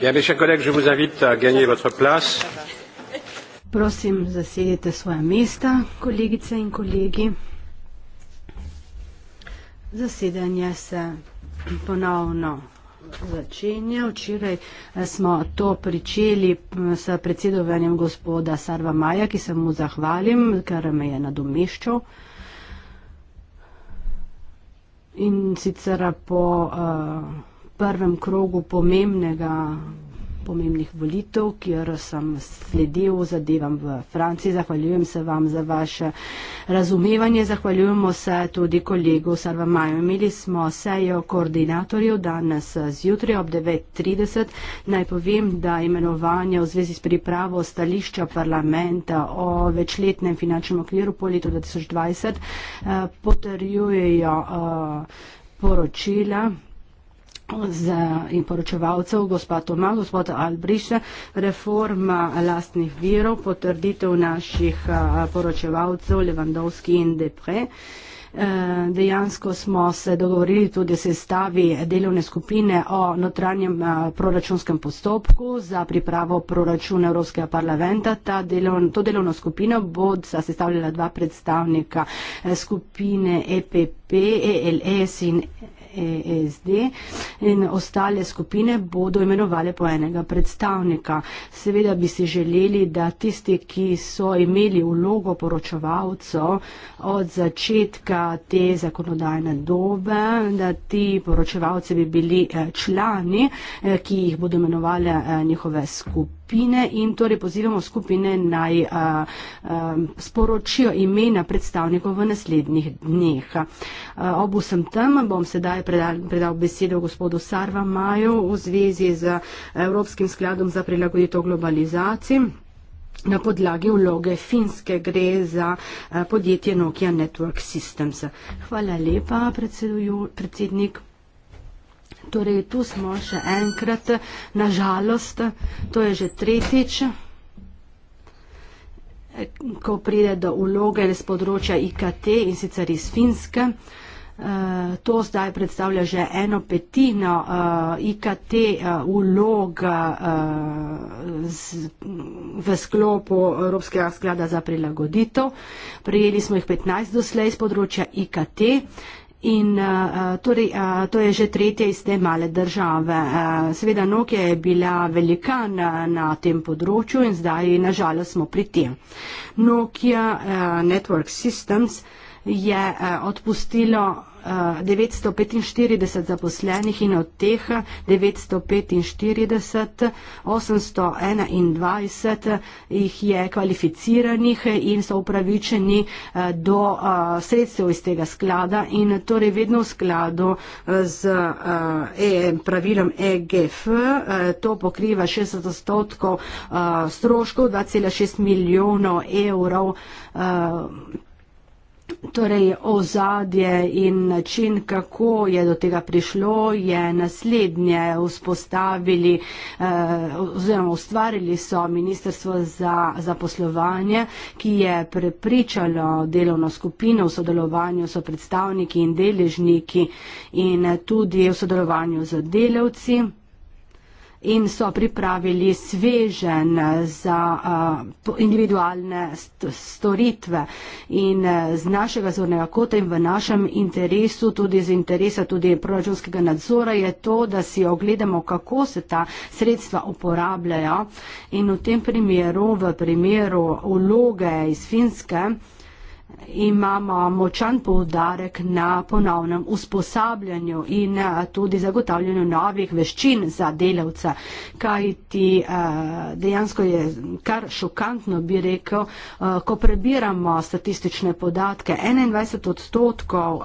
Bien, mes chers collègues, je vous invite à gagner votre place. Prosim, zasedite svoje mesta, kolegice in kolegi. Zasedanje se ponovno začenja. Včeraj eh, smo to pričeli s predsedovanjem gospoda Sarva Maja, ki se mu zahvalim, ker me je nadomeščal in sicer po uh, prvem krogu pomembnega pomembnih volitev, kjer sem sledil zadevam v Franciji. Zahvaljujem se vam za vaše razumevanje. Zahvaljujemo se tudi kolegu Sarvamaju. Imeli smo sejo koordinatorjev danes zjutraj ob 9.30. Naj povem, da imenovanje v zvezi s pripravo stališča parlamenta o večletnem finančnem okviru po letu 2020 eh, potrjujejo eh, poročila z in poročevalcev, gospa Toma, gospod Albriše, reforma lastnih virov, potrditev naših poročevalcev Levandovski in Depre. E, dejansko smo se dogovorili tudi se stavi delovne skupine o notranjem proračunskem postopku za pripravo proračuna Evropskega parlamenta. Delovn, to delovno skupino bo sestavljala dva predstavnika e, skupine EPP, ELS in ESD in ostale skupine bodo imenovali po enega predstavnika. Seveda bi si želeli, da tisti, ki so imeli vlogo poročevalcev od začetka te zakonodajne dobe, da ti poročevalci bi bili eh, člani, eh, ki jih bodo imenovali eh, njihove skupine skupine in torej pozivamo skupine naj a, a, sporočijo imena predstavnikov v naslednjih dneh. A, ob vsem tem bom sedaj predal, predal besedo gospodu Sarva Maju v zvezi z Evropskim skladom za prilagoditev globalizaciji. Na podlagi vloge Finske gre za podjetje Nokia Network Systems. Hvala lepa, predsednik. Torej, tu smo še enkrat, nažalost, to je že tretjič, ko pride do uloge iz področja IKT in sicer iz Finske. Eh, to zdaj predstavlja že eno petino eh, IKT ulog eh, v sklopu Evropskega sklada za prilagoditev. Prijeli smo jih 15 doslej iz področja IKT. In uh, torej, uh, to je že tretja iz te male države. Uh, seveda Nokia je bila velika na, na tem področju in zdaj nažalost smo pri tem. Nokia uh, Network Systems je uh, odpustilo 945 zaposlenih in od teh 945, 821 jih je kvalificiranih in so upravičeni eh, do eh, sredstev iz tega sklada in torej vedno v skladu eh, z e, pravilom EGF. To pokriva 60 odstotkov stroškov, 2,6 milijonov evrov Torej, ozadje in način, kako je do tega prišlo, je naslednje vzpostavili eh, oziroma ustvarili so Ministrstvo za zaposlovanje, ki je prepričalo delovno skupino v sodelovanju so predstavniki in deležniki in tudi v sodelovanju z delavci in so pripravili svežen za individualne storitve. In z našega zornega kota in v našem interesu, tudi z interesa tudi proračunskega nadzora, je to, da si ogledamo, kako se ta sredstva uporabljajo. In v tem primeru, v primeru vloge iz Finske, imamo močan povdarek na ponovnem usposabljanju in eh, tudi zagotavljanju novih veščin za delavca, kajti eh, dejansko je kar šokantno, bi rekel, eh, ko prebiramo statistične podatke, 21 odstotkov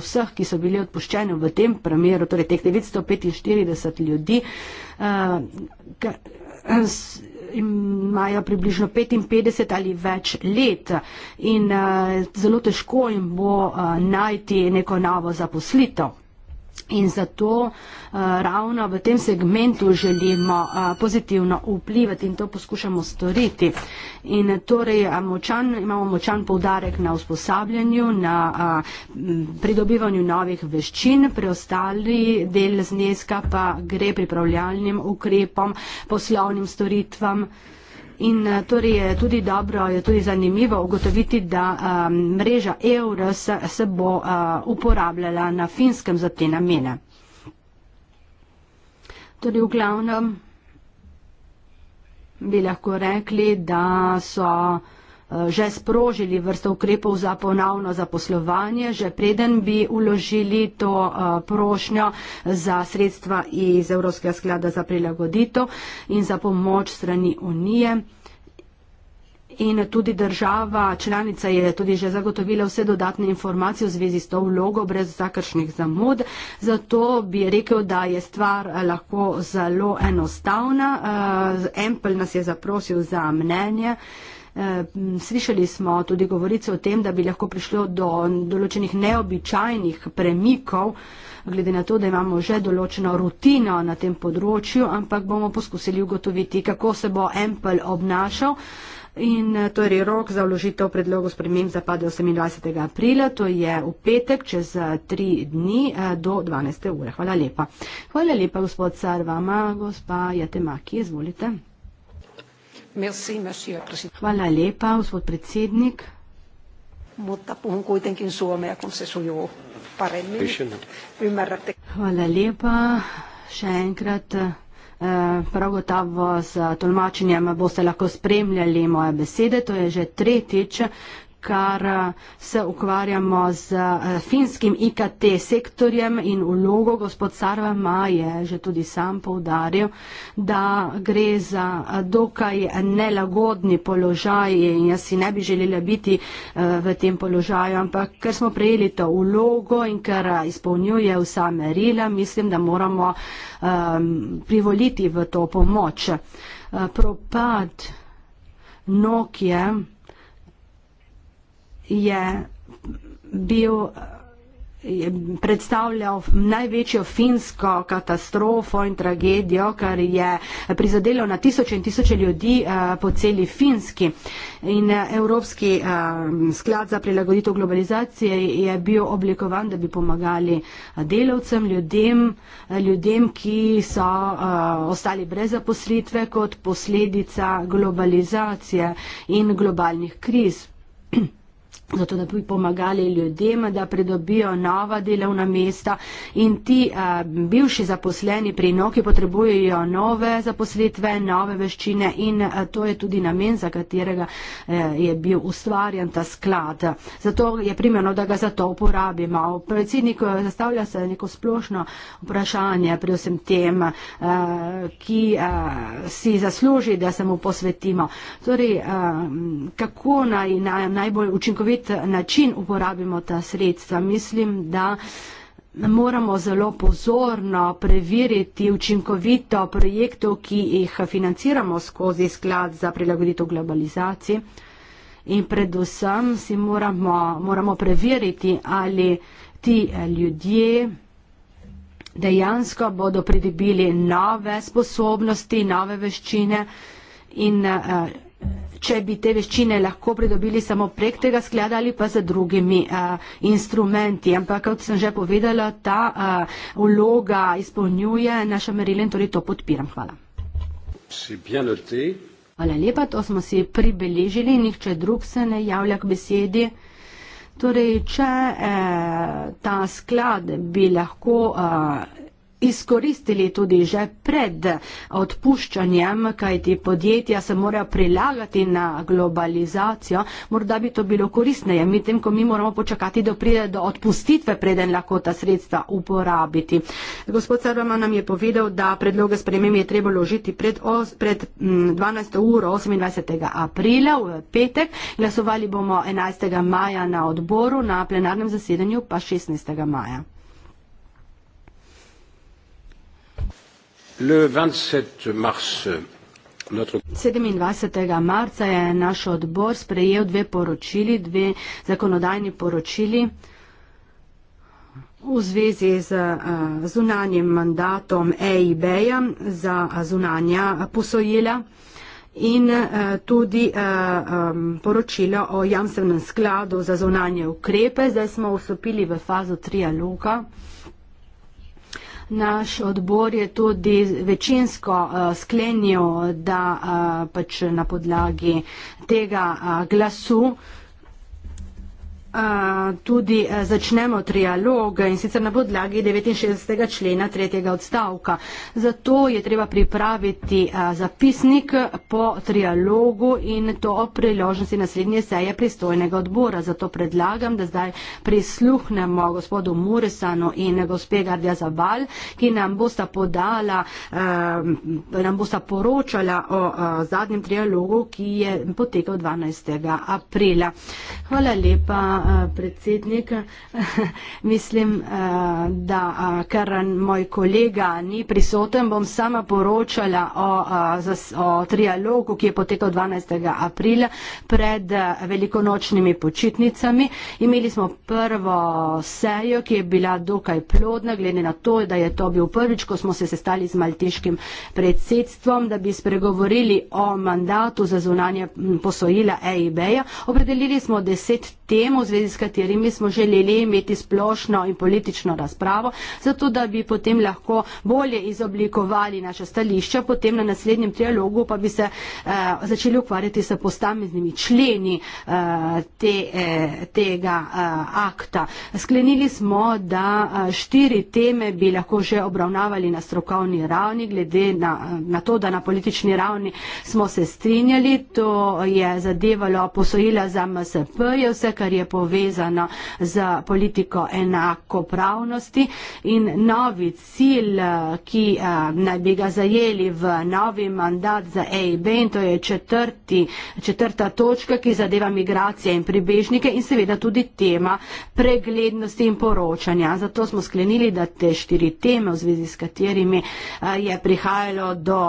vseh, ki so bili odpuščeni v tem primeru, torej teh 945 ljudi, imajo približno 55 ali več let in eh, zelo težko jim bo eh, najti neko novo zaposlitev. In zato uh, ravno v tem segmentu želimo uh, pozitivno vplivati in to poskušamo storiti. In eh, torej močan, imamo močan poudarek na usposabljanju, na uh, pridobivanju novih veščin, preostali del zneska pa gre pripravljalnim ukrepom, poslovnim storitvam. In eh, torej je tudi dobro, je tudi zanimivo ugotoviti, da um, mreža evro se, se bo uh, uporabljala na finskem za te namene. Torej v glavnem bi lahko rekli, da so. Eh, že sprožili vrsto ukrepov za ponovno zaposlovanje, že preden bi uložili to eh, prošnjo za sredstva iz Evropskega sklada za prilagoditev in za pomoč strani Unije. In tudi država članica je tudi že zagotovila vse dodatne informacije v zvezi s to vlogo brez zakršnih zamud. Zato bi rekel, da je stvar eh, lahko zelo enostavna. Empel nas je zaprosil za mnenje. Eh, slišali smo tudi govorice o tem, da bi lahko prišlo do določenih neobičajnih premikov, glede na to, da imamo že določeno rutino na tem področju, ampak bomo poskusili ugotoviti, kako se bo Empel obnašal. In eh, torej rok za vložitev predlogov sprememb zapade 28. aprila, to je v petek, čez eh, tri dni do 12. ure. Hvala lepa. Hvala lepa, gospod Sarvama, gospa Jatemaki, izvolite. Merci, monsieur President. Hvala lepa, gospod predsednik. Mutta puhun kuitenkin suomea, kun se sujuu paremmin. Pysyn. Ymmärrätte. Hvala lepa, še enkrat. Eh, prav gotovo s tolmačenjem boste lahko spremljali moje besede. To je že tretjič, odkar eh, se ukvarjamo z eh, finskim IKT sektorjem in vlogo. Gospod Sarvama je že tudi sam povdaril, da gre za eh, dokaj nelagodni položaj in jaz si ne bi želela biti v tem položaju, ampak ker smo prejeli to vlogo in ker izpolnjuje vsa merila, mislim, da moramo um, privoliti v to pomoč. Propad Nokia je bil je predstavljal največjo finsko katastrofo in tragedijo, kar je prizadelo na tisoče in tisoče ljudi eh, po celi Finski. In eh, Evropski eh, sklad za prilagoditev globalizacije je bil oblikovan, da bi pomagali delavcem, ljudem, ljudem, ki so ostali brez zaposlitve kot posledica globalizacije in globalnih kriz. zato da bi pomagali ljudem, da pridobijo nova delovna mesta in ti a, eh, bivši zaposleni pri Noki potrebujejo nove zaposlitve, nove veščine in a, eh, to je tudi namen, za katerega a, eh, je bil ustvarjen ta sklad. Zato je primerno, da ga za to uporabimo. Predsednik zastavlja se neko splošno vprašanje pri vsem tem, a, ki a, si zasluži, da se mu posvetimo. Torej, a, kako naj, naj, najbolj učinkovito spet način uporabimo ta sredstva. Mislim, da moramo zelo pozorno preveriti učinkovito projektov, ki jih financiramo skozi sklad za prilagoditev globalizaciji. In predvsem si moramo, moramo preveriti, ali ti eh, ljudje dejansko bodo pridobili nove sposobnosti, nove veščine in uh, če bi te veščine lahko pridobili samo prek tega sklada ali pa z drugimi a, instrumenti. Ampak, kot sem že povedala, ta a, vloga izpolnjuje naša merila in torej to podpiram. Hvala. Hvala lepa, to smo si pribeležili, nihče drug se ne javlja k besedi. Torej, če eh, ta sklad bi lahko eh, izkoristili tudi že pred odpuščanjem, kajti podjetja se morajo prilagati na globalizacijo, morda bi to bilo koristneje, medtem ko mi moramo počakati, da pride do odpustitve, preden lahko ta sredstva uporabiti. Gospod Sarvama nam je povedal, da predloge sprememb je treba ložiti pred, os, pred 12. uro 28. aprila v petek, glasovali bomo 11. maja na odboru, na plenarnem zasedanju pa 16. maja. 27. marca je naš odbor sprejel dve poročili, dve zakonodajni poročili v zvezi z eh, zunanjim mandatom EIB-ja za zunanja posojila in eh, tudi eh, poročilo o jamstvenem skladu za zunanje ukrepe. Zdaj smo vstopili v fazo trialoga. Naš odbor je tudi večinsko uh, sklenil, da uh, pač na podlagi tega uh, glasu uh, tudi začnemo trialog in sicer na podlagi 69. člena tretjega odstavka. Zato je treba pripraviti zapisnik po trialogu in to o priložnosti naslednje seje pristojnega odbora. Zato predlagam, da zdaj prisluhnemo gospodu Muresanu in gospe Gardja Zabal, ki nam bosta podala, nam bosta poročala o zadnjem trialogu, ki je potekal 12. aprila. Hvala lepa. Eh, predsednik. Mislim, eh, da eh, ker moj kolega ni prisoten, bom sama poročala o, o trialogu, ki je potekal 12. aprila pred velikonočnimi počitnicami. Imeli smo prvo sejo, ki je bila dokaj plodna, glede na to, da je to bil prvič, ko smo se sestali z maltiškim predsedstvom, da bi spregovorili o mandatu za zunanje posojila EIB-ja. Opredelili smo deset temo, v zvezi s katerimi smo želeli imeti splošno in politično razpravo, zato da bi potem lahko bolje izoblikovali naše stališče, potem na naslednjem trialogu pa bi se eh, začeli ukvarjati s postameznimi členi eh, te, eh, tega eh, akta. Sklenili smo, da eh, štiri teme bi lahko že obravnavali na strokovni ravni, glede na, eh, na to, da na politični ravni smo se strinjali, to je zadevalo posojila za MSP, je vse kar je povezano z politiko enakopravnosti in novi cilj, eh, ki eh, naj bi ga zajeli v novi mandat za EIB in to je četrti, četrta točka, ki zadeva migracije in pribežnike in seveda tudi tema preglednosti in poročanja. Zato smo sklenili, da te štiri teme v zvezi s katerimi eh, je prihajalo do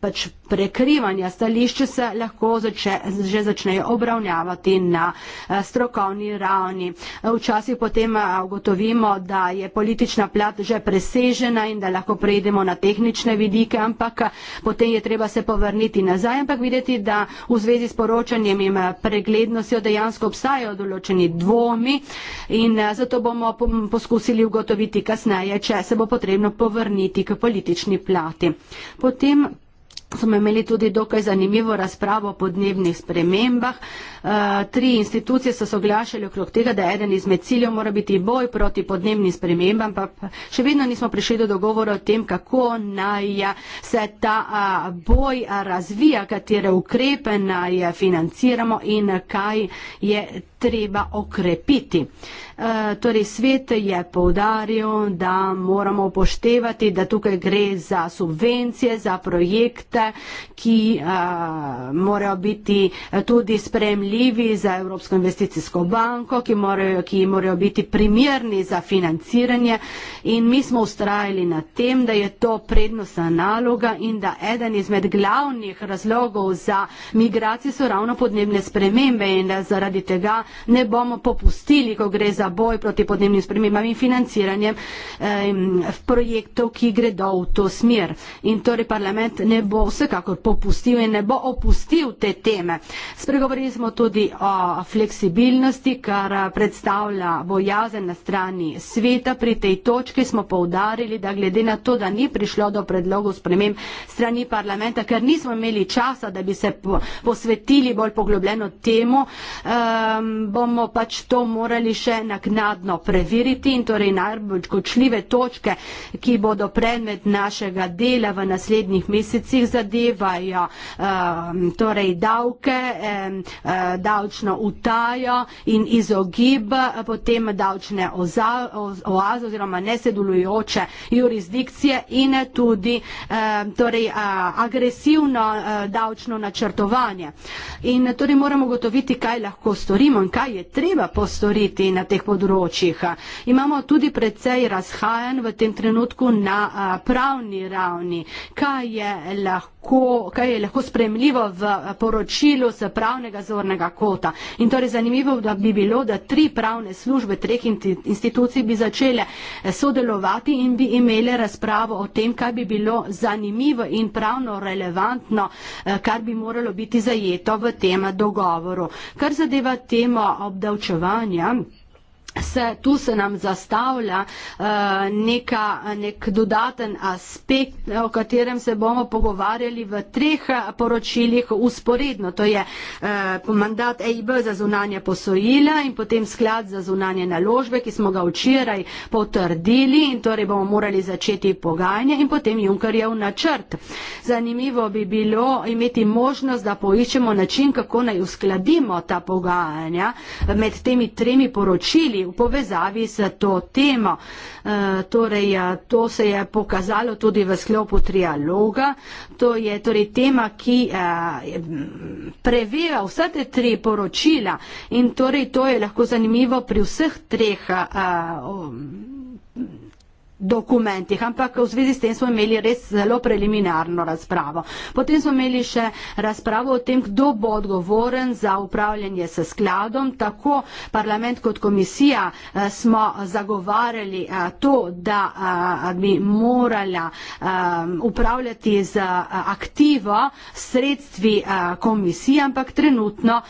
pač prekrivanja. Stališče se lahko zače, že začnejo obravnavati na eh, strokovni ravni. Včasih potem eh, ugotovimo, da je politična plat že presežena in da lahko prejdemo na tehnične vidike, ampak eh, potem je treba se povrniti nazaj, ampak videti, da v zvezi s poročanjem in preglednostjo dejansko obstajajo določeni dvomi in zato bomo poskusili ugotoviti kasneje, če se bo potrebno povrniti k politični plati. Potem smo imeli tudi dokaj zanimivo razpravo o podnebnih spremembah. Eh, tri institucije so soglašali okrog tega, da eden izmed ciljev mora biti boj proti podnebnim spremembam, pa še vedno nismo prišli do dogovora o tem, kako naj eh, se ta eh, boj razvija, katere ukrepe naj financiramo in kaj je treba okrepiti. Eh, torej svet je povdaril, da moramo upoštevati, da tukaj gre za subvencije, za projekte, ki eh, morajo biti eh, tudi spremljivi za Evropsko investicijsko banko, ki morajo, ki morajo biti primerni za financiranje in mi smo ustrajali na tem, da je to prednostna naloga in da eden izmed glavnih razlogov za migracije so ravno podnebne spremembe in da zaradi tega ne bomo popustili, ko gre za boj proti podnebnim spremembam in financiranjem eh, projektov, ki gredo v to smer. In torej parlament ne bo vsekakor popustil in ne bo opustil te teme. Spregovorili smo tudi o fleksibilnosti, kar predstavlja bojazen na strani sveta. Pri tej točki smo povdarili, da glede na to, da ni prišlo do predlogov sprememb strani parlamenta, ker nismo imeli časa, da bi se posvetili bolj poglobljeno temu, eh, bomo pač to morali še na naknadno preveriti in torej najbolj kočljive točke, ki bodo predmet našega dela v naslednjih mesecih zadevajo um, torej davke, um, davčno utajo in izogib eh, potem davčne oaze oziroma nesedulujoče jurisdikcije in tudi um, torej, uh, agresivno uh, davčno načrtovanje. In torej moramo gotoviti, kaj lahko storimo in kaj je treba postoriti na teh področjih področjih. Imamo tudi precej razhajanj v tem trenutku na pravni ravni. Kaj je lahko, kaj je lahko spremljivo v poročilu z pravnega zornega kota? In torej zanimivo da bi bilo, da tri pravne službe treh institucij bi začele e, sodelovati in bi imele razpravo o tem, kaj bi bilo zanimivo in pravno relevantno, e, kar bi moralo biti zajeto v tem dogovoru. Kar zadeva temo obdavčevanja, se, tu se nam zastavlja uh, neka, nek dodaten aspekt, o katerem se bomo pogovarjali v treh eh, poročilih usporedno. To je uh, mandat EIB za zunanje posojila in potem sklad za zunanje naložbe, ki smo ga včeraj potrdili in torej bomo morali začeti pogajanje in potem Junkerjev načrt. Zanimivo bi bilo imeti možnost, da poiščemo način, kako naj uskladimo ta pogajanja med temi tremi poročili v povezavi s to temo. E, torej, ja, to se je pokazalo tudi v sklopu trialoga. To je torej tema, ki e, preveva vse te tri poročila in torej to je lahko zanimivo pri vseh treh. A, e, a, dokumentih, ampak v zvezi s tem smo imeli res zelo preliminarno razpravo. Potem smo imeli še razpravo o tem, kdo bo odgovoren za upravljanje s skladom. Tako parlament kot komisija eh, smo zagovarjali eh, to, da eh, bi morala upravljati z aktivo sredstvi komisije, ampak trenutno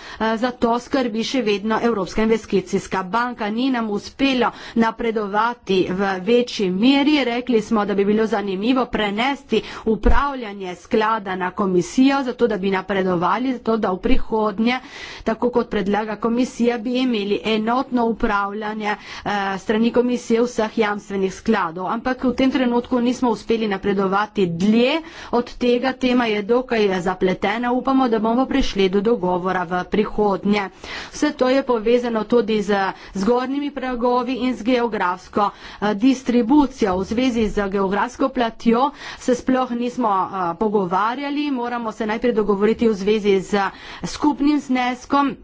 za to skrbi še vedno Evropska investicijska banka. Ni nam uspelo napredovati v večji mi meri rekli smo, da bi bilo zanimivo prenesti upravljanje sklada na komisijo, zato da bi napredovali, zato da v prihodnje, tako kot predlaga komisija, bi imeli enotno upravljanje eh, strani komisije vseh jamstvenih skladov. Ampak v tem trenutku nismo uspeli napredovati dlje, od tega tema je dokaj zapletena, upamo, da bomo prišli do dogovora v prihodnje. Vse to je povezano tudi z zgornjimi pragovi in z geografsko eh, distribucijo institucijo v zvezi z geografsko platjo se sploh nismo pogovarjali, moramo se najprej dogovoriti v zvezi z skupnim zneskom.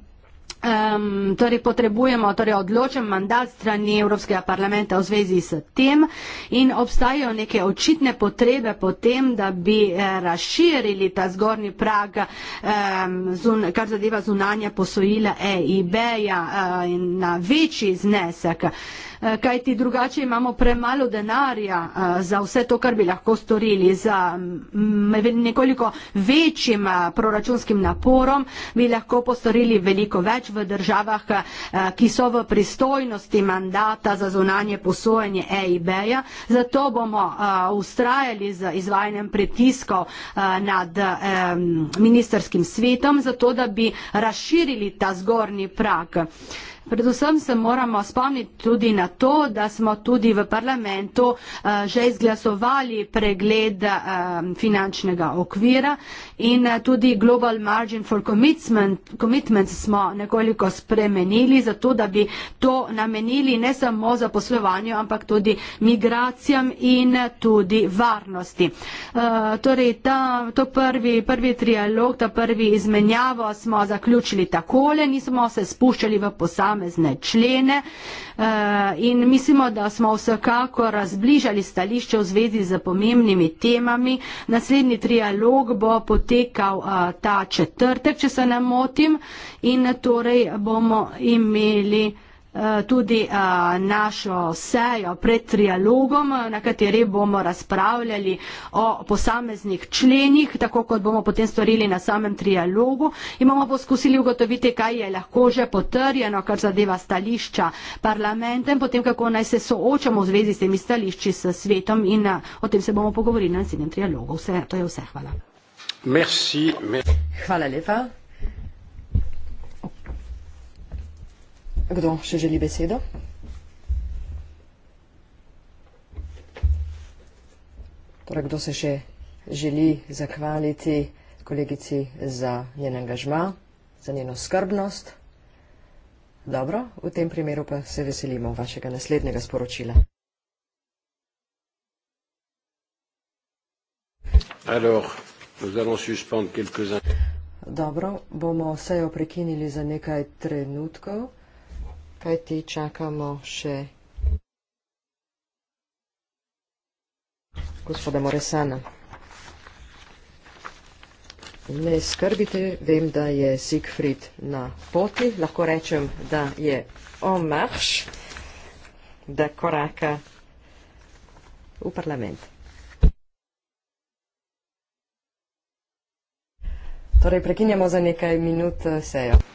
Um, torej potrebujemo torej odločen mandat strani Evropskega parlamenta v zvezi s tem in obstajajo neke očitne potrebe potem, da bi eh, razširili ta zgornji prag, um, zun, kar zadeva zunanje posojila EIB-ja uh, eh, na večji znesek. Uh, Eh, kajti drugače imamo premalo denarja eh, za vse to, kar bi lahko storili, za mm, nekoliko večjim eh, proračunskim naporom bi lahko postorili veliko več v državah, ki so v pristojnosti mandata za zunanje posojanje EIB-ja, zato bomo ustrajali z izvajanjem pritiskov nad ministerskim svetom, zato da bi razširili ta zgornji prak. Predvsem se moramo spomniti tudi na to, da smo tudi v parlamentu eh, že izglasovali pregled eh, finančnega okvira in eh, tudi Global Margin for Commitments commitment smo nekoliko spremenili, zato da bi to namenili ne samo za poslovanje, ampak tudi migracijam in tudi varnosti. Torej, ta, to prvi, prvi trialog, ta prvi izmenjavo smo zaključili takole, nismo se spuščali v posamezno posamezne člene eh, in mislimo, da smo vsekako razbližali stališče v zvezi z pomembnimi temami. Naslednji trialog bo potekal eh, ta četrtek, če se ne motim, in torej bomo imeli. Eh, tudi eh, našo sejo pred trialogom, na kateri bomo razpravljali o posameznih členih, tako kot bomo potem storili na samem trialogu in bomo poskusili ugotoviti, kaj je lahko že potrjeno, kar zadeva stališča parlamenta in potem, kako naj se soočamo v zvezi s temi stališči s svetom in eh, o tem se bomo pogovorili na naslednjem trialogu. Vse, to je vse. Hvala. Merci, merci. Hvala lepa. Kdo še želi besedo? Torej, kdo se še želi zahvaliti kolegici za njen angažma, za njeno skrbnost? Dobro, v tem primeru pa se veselimo vašega naslednjega sporočila. Dobro, bomo sejo prekinili za nekaj trenutkov kaj ti čakamo še? Gospoda Moresana. Ne skrbite, vem, da je Siegfried na poti. Lahko rečem, da je en marš, da koraka v parlament. Torej, prekinjamo za nekaj minut eh, sejo.